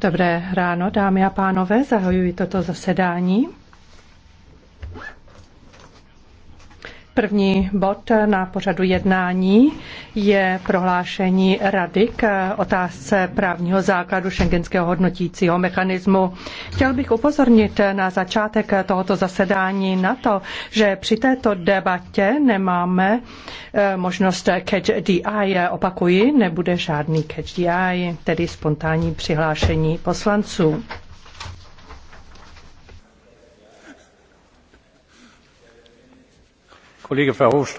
Dobré ráno, dámy a pánové, zahajuji toto zasedání. První bod na pořadu jednání je prohlášení Rady k otázce právního základu šengenského hodnotícího mechanismu. Chtěl bych upozornit na začátek tohoto zasedání na to, že při této debatě nemáme eh, možnost catch the eye. Opakuji, nebude žádný catch the eye, tedy spontánní přihlášení poslanců. kollege verhofstadt!